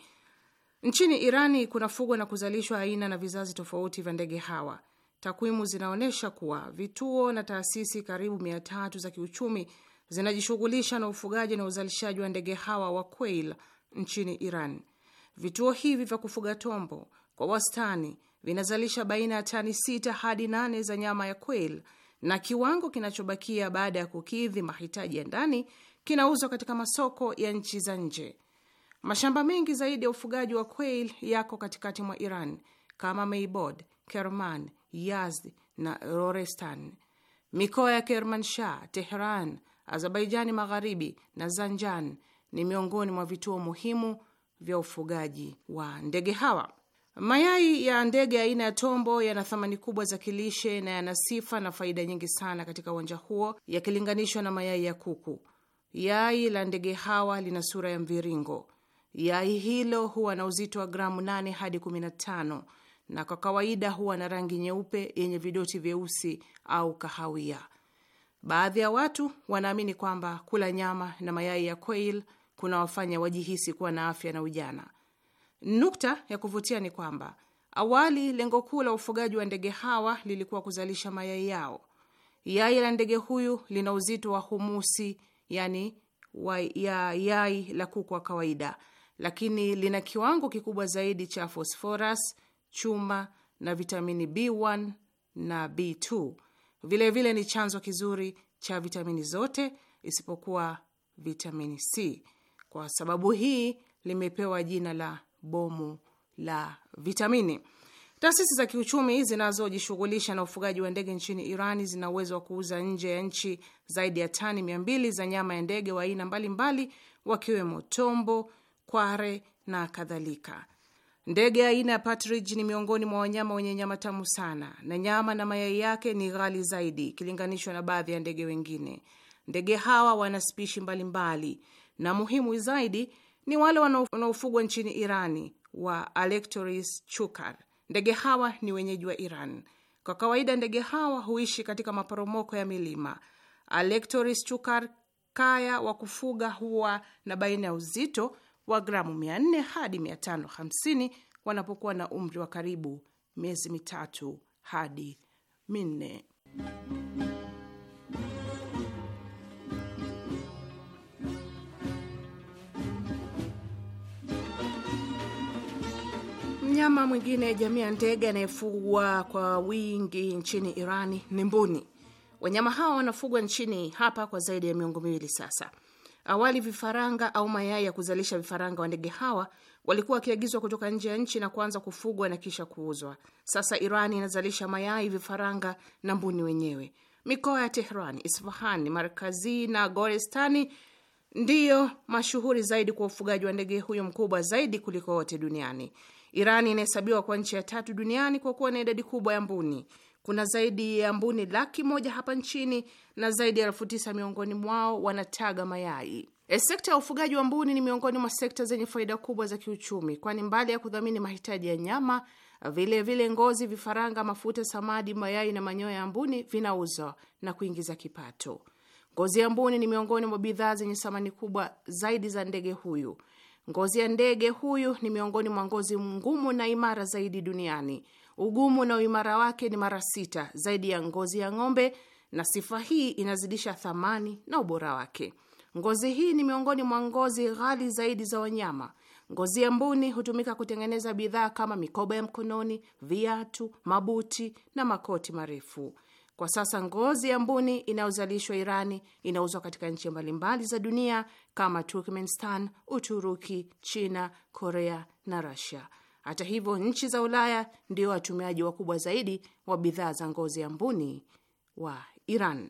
Nchini Irani kuna fugwa na kuzalishwa aina na vizazi tofauti vya ndege hawa. Takwimu zinaonyesha kuwa vituo na taasisi karibu mia tatu za kiuchumi zinajishughulisha na ufugaji na uzalishaji wa ndege hawa wa quail nchini Iran. Vituo hivi vya kufuga tombo kwa wastani vinazalisha baina ya tani sita hadi nane za nyama ya quail, na kiwango kinachobakia baada ya kukidhi mahitaji ya ndani kinauzwa katika masoko ya nchi za nje. Mashamba mengi zaidi ya ufugaji wa quail yako katikati mwa Iran kama Meibod, Kerman, Yazd na Rorestan. Mikoa ya Kermanshah, Tehran, Azerbaijani Magharibi na Zanjan ni miongoni mwa vituo muhimu vya ufugaji wa ndege hawa. Mayai ya ndege aina ya tombo yana thamani kubwa za kilishe na yana sifa na faida nyingi sana katika uwanja huo yakilinganishwa na mayai ya kuku. Yai la ndege hawa lina sura ya mviringo. Yai hilo huwa na uzito wa gramu 8 hadi 15 na kwa kawaida huwa na rangi nyeupe yenye vidoti vyeusi au kahawia. Baadhi ya watu wanaamini kwamba kula nyama na mayai ya quail kunawafanya wajihisi kuwa na afya na ujana. Nukta ya kuvutia ni kwamba awali lengo kuu la ufugaji wa ndege hawa lilikuwa kuzalisha mayai yao. Yai la ndege huyu lina uzito wa humusi, yani wa ya yai la kuku wa kawaida, lakini lina kiwango kikubwa zaidi cha fosforas, chuma na vitamini B1 na B2. Vilevile vile ni chanzo kizuri cha vitamini zote isipokuwa vitamini C. Kwa sababu hii limepewa jina la bomu la vitamini. Taasisi za kiuchumi zinazojishughulisha na ufugaji wa ndege nchini Iran zina uwezo wa kuuza nje ya nchi zaidi ya tani mia mbili za nyama ya ndege wa aina mbalimbali wakiwemo tombo, kware na kadhalika. Ndege aina ya partridge ni miongoni mwa wanyama wenye nyama tamu sana, na nyama na mayai yake ni ghali zaidi ikilinganishwa na baadhi ya ndege wengine. Ndege hawa wana spishi mbalimbali, na muhimu zaidi ni wale wanaofugwa nchini Irani wa Alectoris chukar. Ndege hawa ni wenyeji wa Iran. Kwa kawaida, ndege hawa huishi katika maporomoko ya milima. Alectoris chukar kaya wa kufuga huwa na baina ya uzito wa gramu 400 hadi 550 wanapokuwa na umri wa karibu miezi mitatu hadi minne. Mnyama mwingine jamii ya ndege anayefugwa kwa wingi nchini Irani ni mbuni. Wanyama hawa wanafugwa nchini hapa kwa zaidi ya miongo miwili sasa. Awali vifaranga au mayai ya kuzalisha vifaranga wa ndege hawa walikuwa wakiagizwa kutoka nje ya nchi na kuanza kufugwa na kisha kuuzwa. Sasa Iran inazalisha mayai, vifaranga na mbuni wenyewe. Mikoa ya Tehran, Isfahan, Markazi na Gorestani ndiyo mashuhuri zaidi kwa ufugaji wa ndege huyo mkubwa zaidi kuliko wote duniani. Iran inahesabiwa kwa nchi ya tatu duniani kwa kuwa na idadi kubwa ya mbuni. Kuna zaidi ya mbuni laki moja hapa nchini na zaidi ya elfu tisa miongoni mwao wanataga mayai. E, sekta ya ufugaji wa mbuni ni miongoni mwa sekta zenye faida kubwa za kiuchumi, kwani mbali ya kudhamini mahitaji ya nyama, vilevile vile ngozi, vifaranga, mafuta, samadi, mayai na manyoya ya mbuni vinauzwa na kuingiza kipato. Ngozi ya mbuni ni miongoni mwa bidhaa zenye thamani kubwa zaidi za ndege huyu. Ngozi ya ndege huyu ni miongoni mwa ngozi ngumu na imara zaidi duniani. Ugumu na uimara wake ni mara sita zaidi ya ngozi ya ng'ombe, na sifa hii inazidisha thamani na ubora wake. Ngozi hii ni miongoni mwa ngozi ghali zaidi za wanyama. Ngozi ya mbuni hutumika kutengeneza bidhaa kama mikoba ya mkononi, viatu, mabuti na makoti marefu. Kwa sasa ngozi ya mbuni inayozalishwa Irani inauzwa katika nchi mbalimbali za dunia kama Turkmenistan, Uturuki, China, Korea na Rasia. Hata hivyo, nchi za Ulaya ndio watumiaji wakubwa zaidi wa bidhaa za ngozi ya mbuni wa Iran.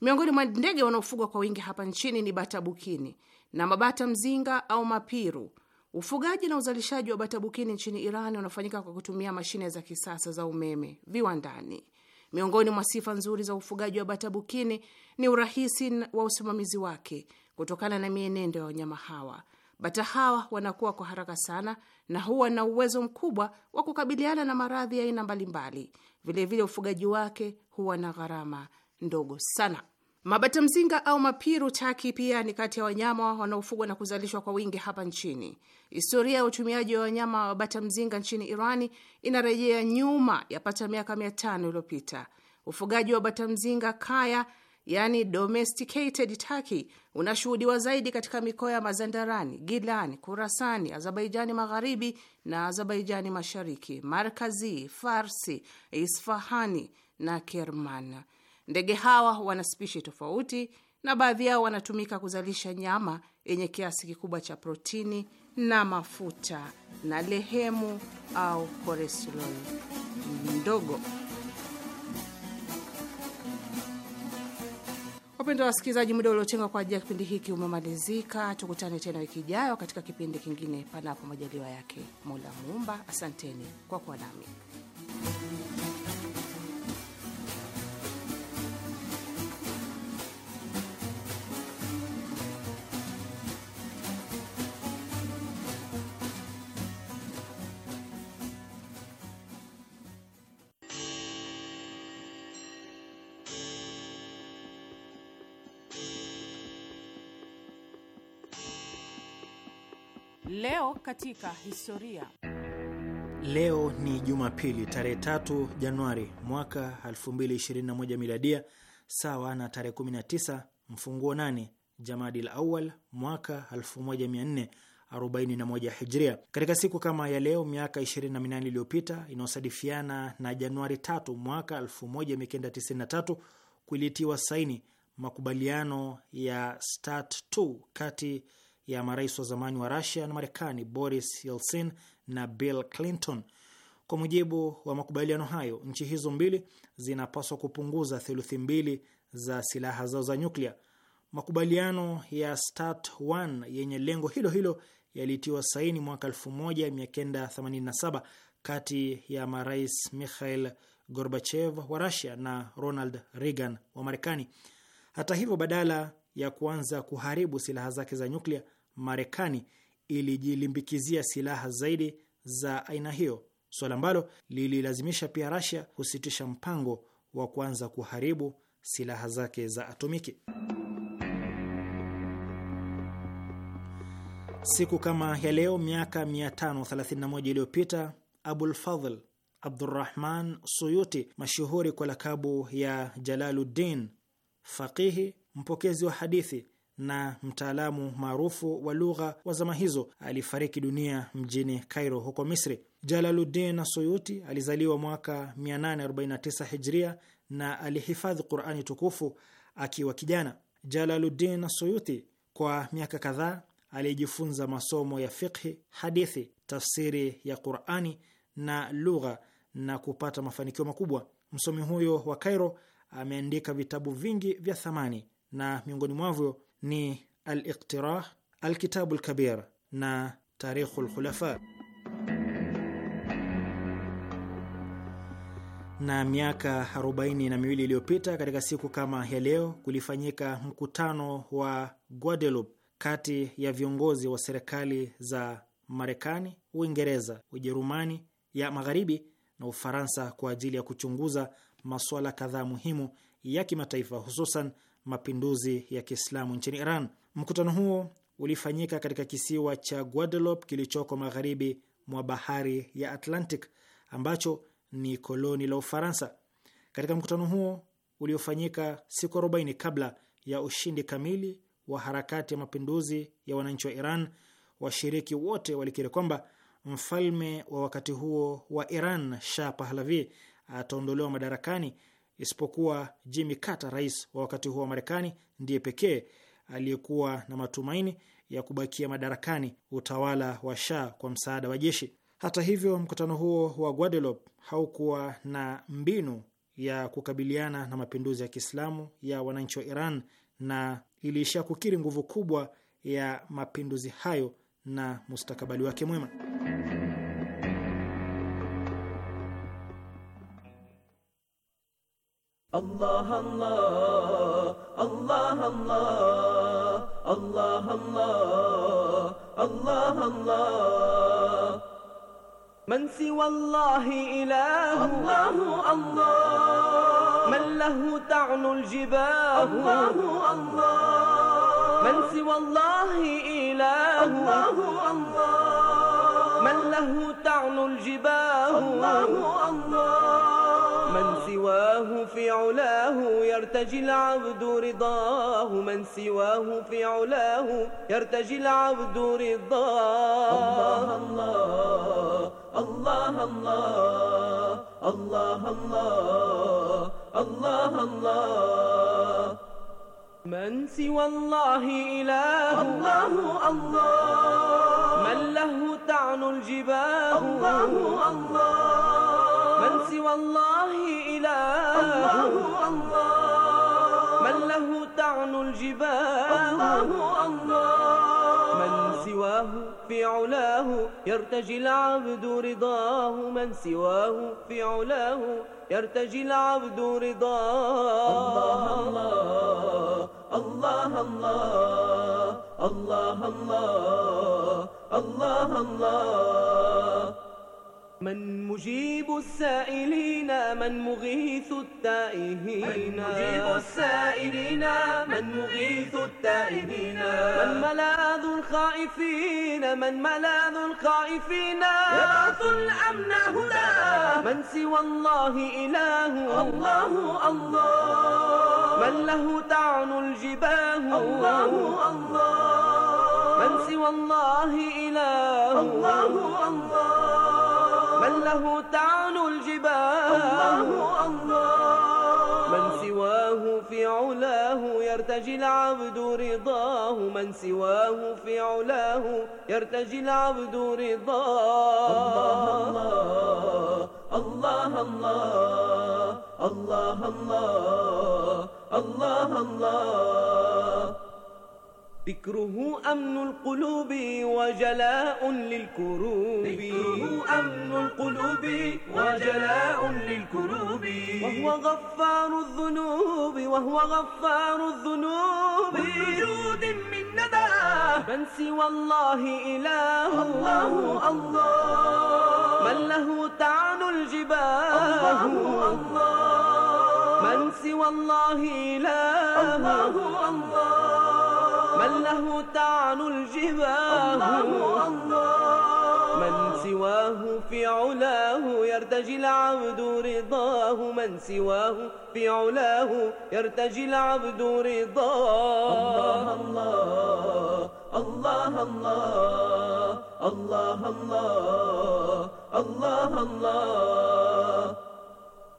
Miongoni mwa ndege wanaofugwa kwa wingi hapa nchini ni bata bukini na mabata mzinga au mapiru. Ufugaji na uzalishaji wa bata bukini nchini Iran unafanyika kwa kutumia mashine za kisasa za umeme viwandani. Miongoni mwa sifa nzuri za ufugaji wa bata bukini ni urahisi wa usimamizi wake kutokana na mienendo ya wanyama hawa. Bata hawa wanakuwa kwa haraka sana na huwa na uwezo mkubwa wa kukabiliana na maradhi ya aina mbalimbali. Vilevile ufugaji wake huwa na gharama ndogo sana. Mabata mzinga au mapiru taki pia ni kati ya wanyama wanaofugwa na kuzalishwa kwa wingi hapa nchini. Historia ya utumiaji wa wanyama wa bata mzinga nchini Irani inarejea nyuma yapata miaka mia tano iliyopita. Ufugaji wa bata mzinga kaya yani domesticated turkey unashuhudiwa zaidi katika mikoa ya Mazandarani, Gilani, Kurasani, Azerbaijani magharibi na Azerbaijani mashariki, Markazi, Farsi, Isfahani na Kerman. Ndege hawa wana spishi tofauti na baadhi yao wanatumika kuzalisha nyama yenye kiasi kikubwa cha protini na mafuta na lehemu au koresloi ndogo. Wapendwa wasikilizaji, muda uliotengwa kwa ajili ya kipindi hiki umemalizika. Tukutane tena wiki ijayo katika kipindi kingine, panapo majaliwa yake Mola Muumba. Asanteni kwa kuwa nami. katika historia. Leo ni Jumapili tarehe tatu Januari mwaka 2021 miladia, sawa na tarehe 19 mfunguo 8 Jamadil Awal mwaka 1441 Hijria. Katika siku kama ya leo miaka 28 iliyopita inayosadifiana na Januari 3 mwaka 1993 kuilitiwa saini makubaliano ya START2 kati ya marais wa zamani wa Rusia na Marekani Boris Yeltsin na Bill Clinton. Kwa mujibu wa makubaliano hayo, nchi hizo mbili zinapaswa kupunguza theluthi mbili za silaha zao za nyuklia. Makubaliano ya START 1 yenye lengo hilo hilo yalitiwa saini mwaka 1987 kati ya marais Mikhail Gorbachev wa Rusia na Ronald Reagan wa Marekani. Hata hivyo, badala ya kuanza kuharibu silaha zake za nyuklia, Marekani ilijilimbikizia silaha zaidi za aina hiyo, suala ambalo lililazimisha pia Rasia kusitisha mpango wa kuanza kuharibu silaha zake za atomiki. Siku kama ya leo miaka 531 iliyopita Abulfadhl Abdurrahman Suyuti, mashuhuri kwa lakabu ya Jalaluddin, faqihi, mpokezi wa hadithi na mtaalamu maarufu wa lugha wa zama hizo alifariki dunia mjini Cairo huko Misri. Jalaluddin Suyuti alizaliwa mwaka 849 Hijria na alihifadhi Qurani tukufu akiwa kijana. Jalaluddin Suyuti kwa miaka kadhaa alijifunza masomo ya fiqhi, hadithi, tafsiri ya Qurani na lugha na kupata mafanikio makubwa. Msomi huyo wa Cairo ameandika vitabu vingi vya thamani na miongoni mwavyo ni Al-Iqtirah, Alkitabu Lkabir na Tarikhu Lkhulafa. Na miaka arobaini na miwili iliyopita katika siku kama ya leo kulifanyika mkutano wa Guadeloupe kati ya viongozi wa serikali za Marekani, Uingereza, Ujerumani ya Magharibi na Ufaransa kwa ajili ya kuchunguza masuala kadhaa muhimu ya kimataifa hususan mapinduzi ya Kiislamu nchini Iran. Mkutano huo ulifanyika katika kisiwa cha Guadeloupe kilichoko magharibi mwa bahari ya Atlantic ambacho ni koloni la Ufaransa. Katika mkutano huo uliofanyika siku 40 kabla ya ushindi kamili wa harakati ya mapinduzi ya wananchi wa Iran, washiriki wote walikiri kwamba mfalme wa wakati huo wa Iran Shah Pahlavi ataondolewa madarakani isipokuwa Jimmy Carter, rais wa wakati huo wa Marekani, ndiye pekee aliyekuwa na matumaini ya kubakia madarakani utawala wa Shah kwa msaada wa jeshi. Hata hivyo, mkutano huo wa Guadeloupe haukuwa na mbinu ya kukabiliana na mapinduzi ya Kiislamu ya wananchi wa Iran na iliishia kukiri nguvu kubwa ya mapinduzi hayo na mustakabali wake mwema. الله الله الله الله الله الله الله الله من سوى الله إله الله الله من له تعن الجباه الله الله من سوى الله إله الله الله من له تعن الجباه الله الله من سواه في علاه يرتجي العبد رضاه من سواه في علاه يرتجي العبد رضاه الله الله الله الله الله الله الله الله من سوى الله إله الله الله من له تعن الجباه الله الله والله الله إله الله الله من له تعن الجبال الله الله من سواه في علاه يرتجي العبد رضاه من سواه في علاه يرتجي العبد رضاه الله الله الله الله الله الله الله الله من مجيب السائلين من مغيث التائهين من مجيب السائلين من مغيث التائهين من ملاذ الخائفين من ملاذ الخائفين يبعث الأمن هدى من سوى الله إله الله الله من له تعن الجباه الله الله من سوى الله إله الله الله من له تعن الجبال الله الله من سواه في علاه يرتجي العبد رضاه من سواه في علاه يرتجي العبد رضاه الله الله الله الله الله الله الله الله ذكره أمن القلوب وجلاء للكروب ذكره أمن القلوب وجلاء للكروب وهو غفار الذنوب وهو غفار الذنوب بوجود من ندى من سوى الله إله الله الله من له تعن الجبال الله الله من سوى الله إله الله الله من له تعن الجباه من سواه في علاه يرتجي العبد رضاه من سواه في علاه يرتجي العبد رضاه الله الله الله الله الله الله الله الله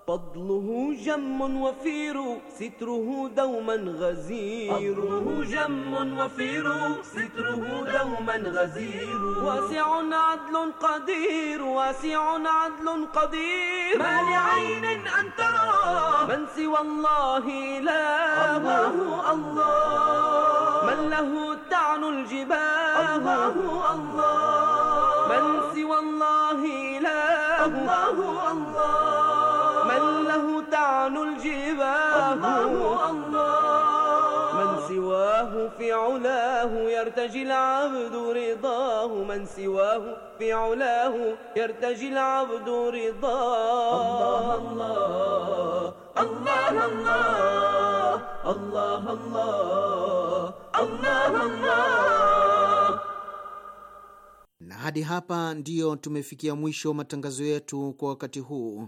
فضله جم وفير ستره دوما غزير فضله جم وفير ستره دوما غزير واسع عدل قدير واسع عدل قدير ما لعين أن ترى من سوى الله إله الله الله من له تعن الجبال الله الله من سوى الله إله الله الله من له تعن الجباه الله الله من سواه في علاه يرتجي العبد رضاه من سواه في علاه يرتجي العبد رضاه الله الله الله الله الله الله الله الله na hadi hapa ndiyo tumefikia mwisho matangazo yetu kwa wakati huu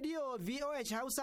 radio V O H hausa